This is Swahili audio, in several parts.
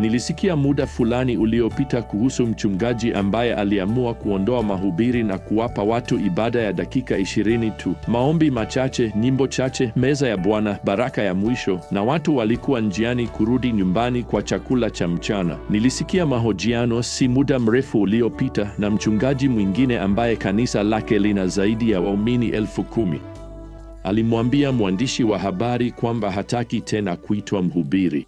Nilisikia muda fulani uliopita kuhusu mchungaji ambaye aliamua kuondoa mahubiri na kuwapa watu ibada ya dakika ishirini tu, maombi machache, nyimbo chache, meza ya Bwana, baraka ya mwisho, na watu walikuwa njiani kurudi nyumbani kwa chakula cha mchana. Nilisikia mahojiano si muda mrefu uliopita na mchungaji mwingine ambaye kanisa lake lina zaidi ya waumini elfu kumi. Alimwambia mwandishi wa habari kwamba hataki tena kuitwa mhubiri.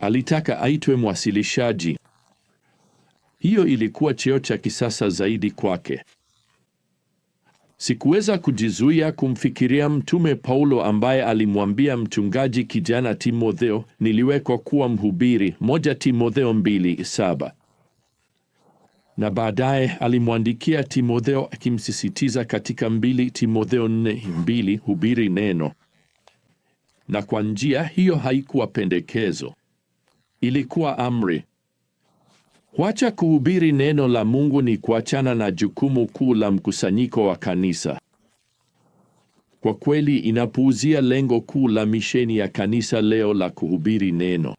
Alitaka aitwe mwasilishaji. Hiyo ilikuwa cheo cha kisasa zaidi kwake. Sikuweza kujizuia kumfikiria Mtume Paulo ambaye alimwambia mchungaji kijana Timotheo, niliwekwa kuwa mhubiri, moja Timotheo 2:7. Na baadaye alimwandikia Timotheo akimsisitiza katika 2 Timotheo 4:2, hubiri neno. Na kwa njia hiyo haikuwa pendekezo ilikuwa amri. Kuacha kuhubiri neno la Mungu ni kuachana na jukumu kuu la mkusanyiko wa kanisa. Kwa kweli, inapuuzia lengo kuu la misheni ya kanisa leo la kuhubiri neno.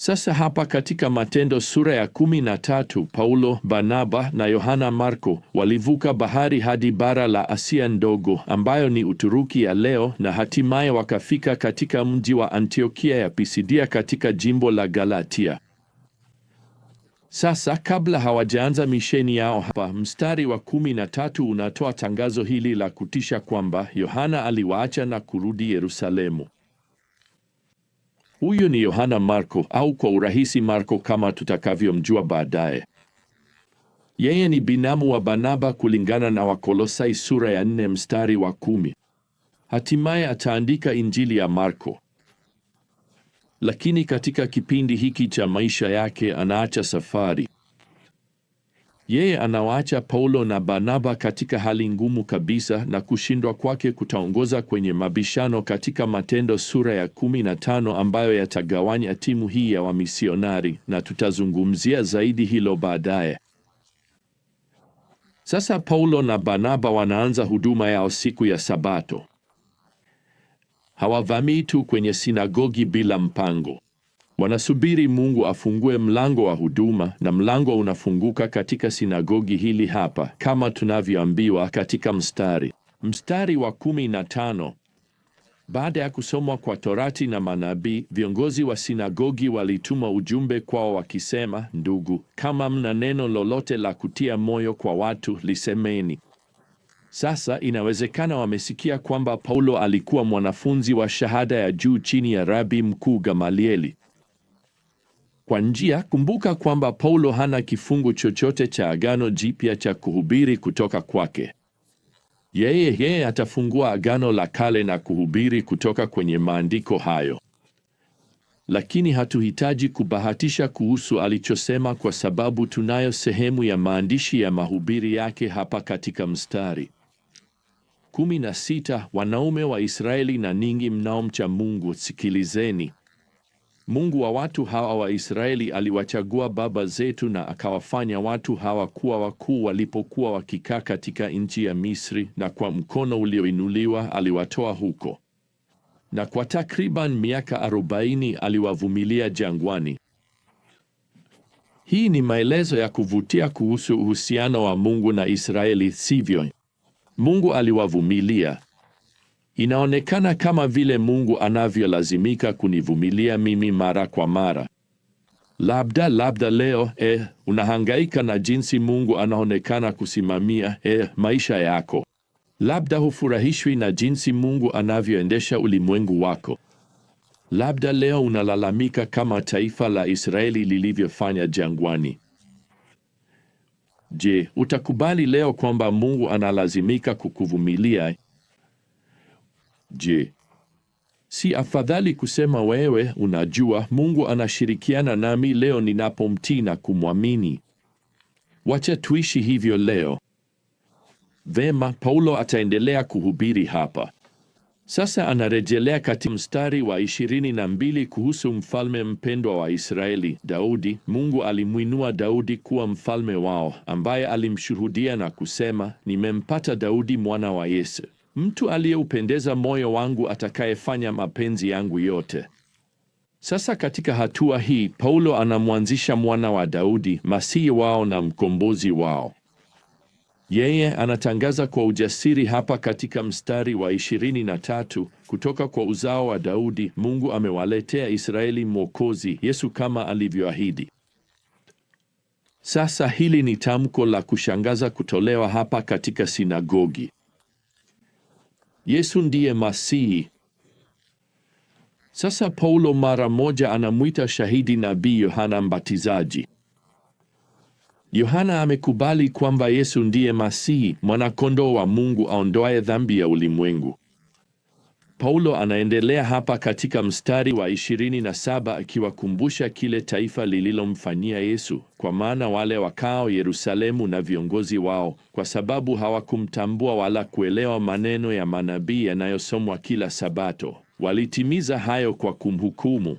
Sasa hapa katika Matendo sura ya kumi na tatu, Paulo, Barnaba na Yohana Marko walivuka bahari hadi bara la Asia ndogo ambayo ni Uturuki ya leo, na hatimaye wakafika katika mji wa Antiokia ya Pisidia katika jimbo la Galatia. Sasa kabla hawajaanza misheni yao hapa, mstari wa kumi na tatu unatoa tangazo hili la kutisha kwamba Yohana aliwaacha na kurudi Yerusalemu. Huyu ni Yohana Marko au kwa urahisi Marko kama tutakavyomjua baadaye. Yeye ni binamu wa Barnaba kulingana na Wakolosai sura ya nne mstari wa kumi. Hatimaye ataandika Injili ya Marko. Lakini katika kipindi hiki cha maisha yake anaacha safari yeye anawaacha Paulo na Barnaba katika hali ngumu kabisa na kushindwa kwake kutaongoza kwenye mabishano katika Matendo sura ya 15 ambayo yatagawanya timu hii ya wamisionari na tutazungumzia zaidi hilo baadaye. Sasa Paulo na Barnaba wanaanza huduma yao siku ya Sabato. Hawavamii tu kwenye sinagogi bila mpango. Wanasubiri Mungu afungue mlango wa huduma, na mlango unafunguka katika sinagogi hili hapa, kama tunavyoambiwa katika mstari mstari wa kumi na tano. Baada ya kusomwa kwa Torati na manabii, viongozi wa sinagogi walituma ujumbe kwao wakisema, ndugu, kama mna neno lolote la kutia moyo kwa watu lisemeni. Sasa inawezekana wamesikia kwamba Paulo alikuwa mwanafunzi wa shahada ya juu chini ya Rabi Mkuu Gamalieli. Kwa njia, kumbuka kwamba Paulo hana kifungu chochote cha Agano Jipya cha kuhubiri kutoka kwake. Yeye yeye atafungua Agano la Kale na kuhubiri kutoka kwenye maandiko hayo. Lakini hatuhitaji kubahatisha kuhusu alichosema, kwa sababu tunayo sehemu ya maandishi ya mahubiri yake hapa katika mstari 16: wanaume wa Israeli na ningi mnaomcha Mungu, sikilizeni. Mungu wa watu hawa wa Israeli aliwachagua baba zetu na akawafanya watu hawa kuwa wakuu walipokuwa wakikaa katika nchi ya Misri, na kwa mkono ulioinuliwa aliwatoa huko, na kwa takriban miaka arobaini aliwavumilia jangwani. Hii ni maelezo ya kuvutia kuhusu uhusiano wa Mungu na Israeli, sivyo? Mungu aliwavumilia Inaonekana kama vile Mungu anavyolazimika kunivumilia mimi mara kwa mara. Labda labda leo eh, unahangaika na jinsi Mungu anaonekana kusimamia eh, maisha yako. Labda hufurahishwi na jinsi Mungu anavyoendesha ulimwengu wako. Labda leo unalalamika kama taifa la Israeli lilivyofanya jangwani. Je, utakubali leo kwamba Mungu analazimika kukuvumilia? Je, si afadhali kusema wewe unajua, Mungu anashirikiana nami leo ninapomtii na kumwamini? Wacha tuishi hivyo leo. Vema, Paulo ataendelea kuhubiri hapa. Sasa anarejelea kati mstari wa ishirini na mbili kuhusu mfalme mpendwa wa Israeli, Daudi. Mungu alimwinua Daudi kuwa mfalme wao, ambaye alimshuhudia na kusema, nimempata Daudi mwana wa Yese, mtu aliyeupendeza moyo wangu, atakayefanya mapenzi yangu yote. Sasa katika hatua hii Paulo anamwanzisha mwana wa Daudi, masihi wao na mkombozi wao. Yeye anatangaza kwa ujasiri hapa katika mstari wa 23, kutoka kwa uzao wa Daudi Mungu amewaletea Israeli mwokozi, Yesu kama alivyoahidi. Sasa hili ni tamko la kushangaza kutolewa hapa katika sinagogi. Yesu ndiye Masihi. Sasa Paulo mara moja anamwita shahidi nabii Yohana Mbatizaji. Yohana amekubali kwamba Yesu ndiye Masihi, mwanakondoo wa Mungu aondoaye dhambi ya ulimwengu. Paulo anaendelea hapa katika mstari wa 27 akiwakumbusha kile taifa lililomfanyia Yesu, kwa maana wale wakao Yerusalemu na viongozi wao, kwa sababu hawakumtambua wala kuelewa maneno ya manabii yanayosomwa kila Sabato, walitimiza hayo kwa kumhukumu.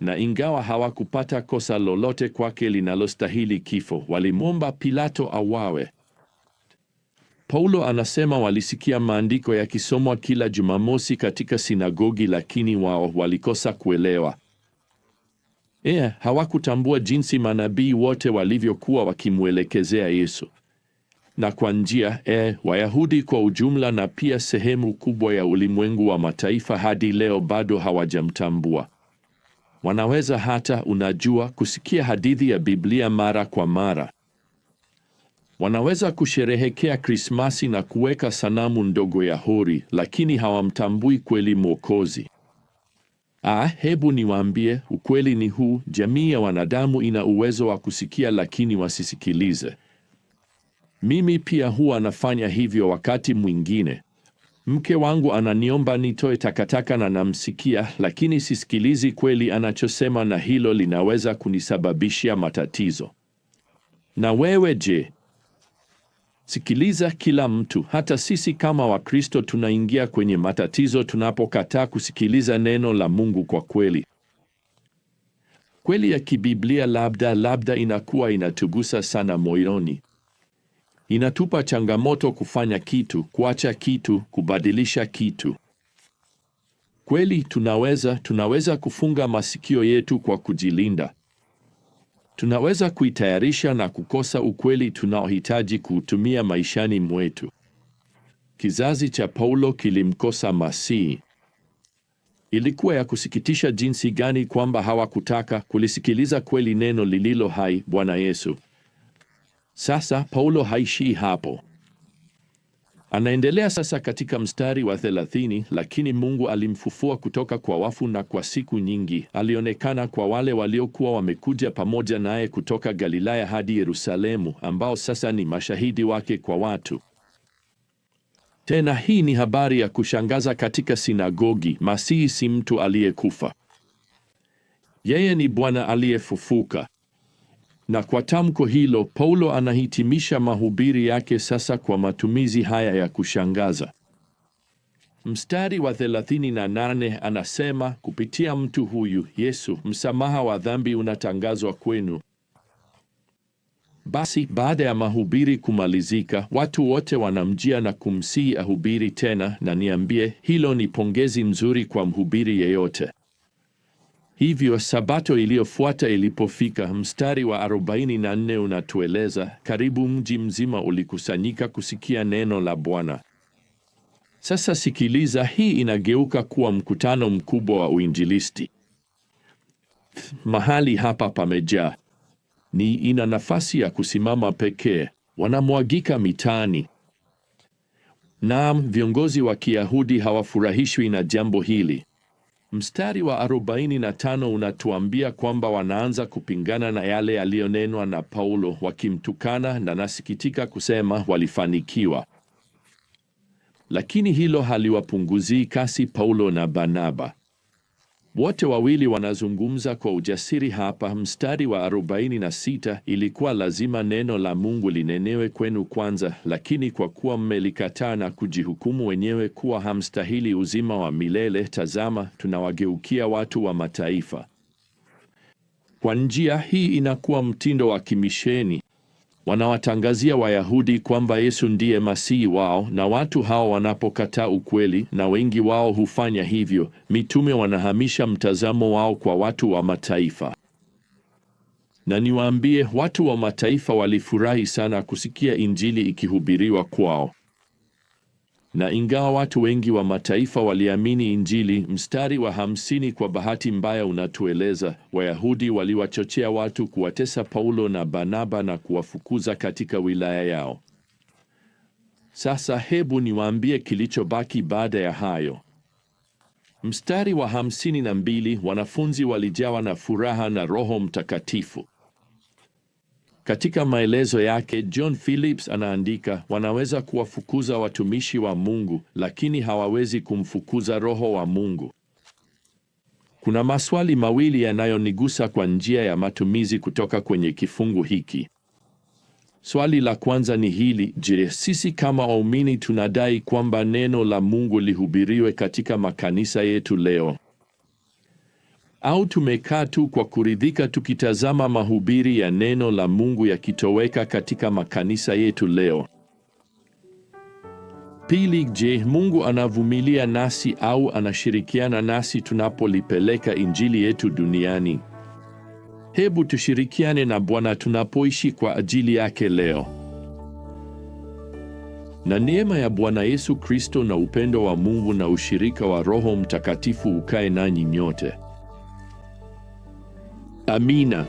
Na ingawa hawakupata kosa lolote kwake linalostahili kifo, walimwomba Pilato awawe Paulo anasema walisikia maandiko yakisomwa kila Jumamosi katika sinagogi, lakini wao walikosa kuelewa. E, hawakutambua jinsi manabii wote walivyokuwa wakimwelekezea Yesu na kwa njia e, Wayahudi kwa ujumla na pia sehemu kubwa ya ulimwengu wa mataifa hadi leo bado hawajamtambua. Wanaweza hata, unajua, kusikia hadithi ya Biblia mara kwa mara Wanaweza kusherehekea Krismasi na kuweka sanamu ndogo ya hori, lakini hawamtambui kweli Mwokozi. Ah, hebu niwaambie, ukweli ni huu: jamii ya wanadamu ina uwezo wa kusikia, lakini wasisikilize. Mimi pia huwa nafanya hivyo wakati mwingine. Mke wangu ananiomba nitoe takataka na namsikia, lakini sisikilizi kweli anachosema, na hilo linaweza kunisababishia matatizo. Na wewe je? Sikiliza, kila mtu, hata sisi kama Wakristo, tunaingia kwenye matatizo tunapokataa kusikiliza neno la Mungu kwa kweli. Kweli ya kibiblia labda labda inakuwa inatugusa sana moyoni, inatupa changamoto kufanya kitu, kuacha kitu, kubadilisha kitu. Kweli tunaweza tunaweza kufunga masikio yetu kwa kujilinda tunaweza kuitayarisha na kukosa ukweli tunaohitaji kuutumia maishani mwetu. Kizazi cha Paulo kilimkosa Masihi. Ilikuwa ya kusikitisha jinsi gani kwamba hawakutaka kulisikiliza kweli neno lililo hai, Bwana Yesu. Sasa Paulo haishii hapo. Anaendelea sasa katika mstari wa thelathini: lakini Mungu alimfufua kutoka kwa wafu, na kwa siku nyingi alionekana kwa wale waliokuwa wamekuja pamoja naye kutoka Galilaya hadi Yerusalemu, ambao sasa ni mashahidi wake kwa watu. Tena hii ni habari ya kushangaza katika sinagogi: Masihi si mtu aliyekufa, yeye ni Bwana aliyefufuka. Na kwa tamko hilo Paulo anahitimisha mahubiri yake sasa kwa matumizi haya ya kushangaza. Mstari wa 38 anasema, kupitia mtu huyu Yesu msamaha wa dhambi unatangazwa kwenu. Basi baada ya mahubiri kumalizika, watu wote wanamjia na kumsihi ahubiri tena, na niambie, hilo ni pongezi nzuri kwa mhubiri yeyote. Hivyo Sabato iliyofuata ilipofika, mstari wa 44 unatueleza, karibu mji mzima ulikusanyika kusikia neno la Bwana. Sasa sikiliza, hii inageuka kuwa mkutano mkubwa wa uinjilisti. Mahali hapa pamejaa, ni ina nafasi ya kusimama pekee, wanamwagika mitaani. Naam, viongozi wa Kiyahudi hawafurahishwi na jambo hili. Mstari wa 45 unatuambia kwamba wanaanza kupingana na yale yaliyonenwa na Paulo, wakimtukana na nasikitika kusema walifanikiwa. Lakini hilo haliwapunguzii kasi Paulo na Barnaba. Wote wawili wanazungumza kwa ujasiri hapa. Mstari wa 46, ilikuwa lazima neno la Mungu linenewe kwenu kwanza, lakini kwa kuwa mmelikataa na kujihukumu wenyewe kuwa hamstahili uzima wa milele, tazama, tunawageukia watu wa mataifa. Kwa njia hii inakuwa mtindo wa kimisheni wanawatangazia Wayahudi kwamba Yesu ndiye masihi wao, na watu hao wanapokataa ukweli, na wengi wao hufanya hivyo, mitume wanahamisha mtazamo wao kwa watu wa mataifa. Na niwaambie, watu wa mataifa walifurahi sana kusikia Injili ikihubiriwa kwao. Na ingawa watu wengi wa mataifa waliamini Injili, mstari wa hamsini kwa bahati mbaya unatueleza Wayahudi waliwachochea watu kuwatesa Paulo na Barnaba na kuwafukuza katika wilaya yao. Sasa hebu niwaambie kilichobaki baada ya hayo. Mstari wa hamsini na mbili, wanafunzi walijawa na furaha na Roho Mtakatifu. Katika maelezo yake, John Phillips anaandika, wanaweza kuwafukuza watumishi wa Mungu, lakini hawawezi kumfukuza Roho wa Mungu. Kuna maswali mawili yanayonigusa kwa njia ya matumizi kutoka kwenye kifungu hiki. Swali la kwanza ni hili: je, sisi kama waumini tunadai kwamba neno la Mungu lihubiriwe katika makanisa yetu leo? au tumekaa tu kwa kuridhika tukitazama mahubiri ya neno la Mungu yakitoweka katika makanisa yetu leo? Pili, je, Mungu anavumilia nasi au anashirikiana nasi tunapolipeleka injili yetu duniani? Hebu tushirikiane na Bwana tunapoishi kwa ajili yake leo. Na neema ya Bwana Yesu Kristo na upendo wa Mungu na ushirika wa Roho Mtakatifu ukae nanyi nyote. Amina.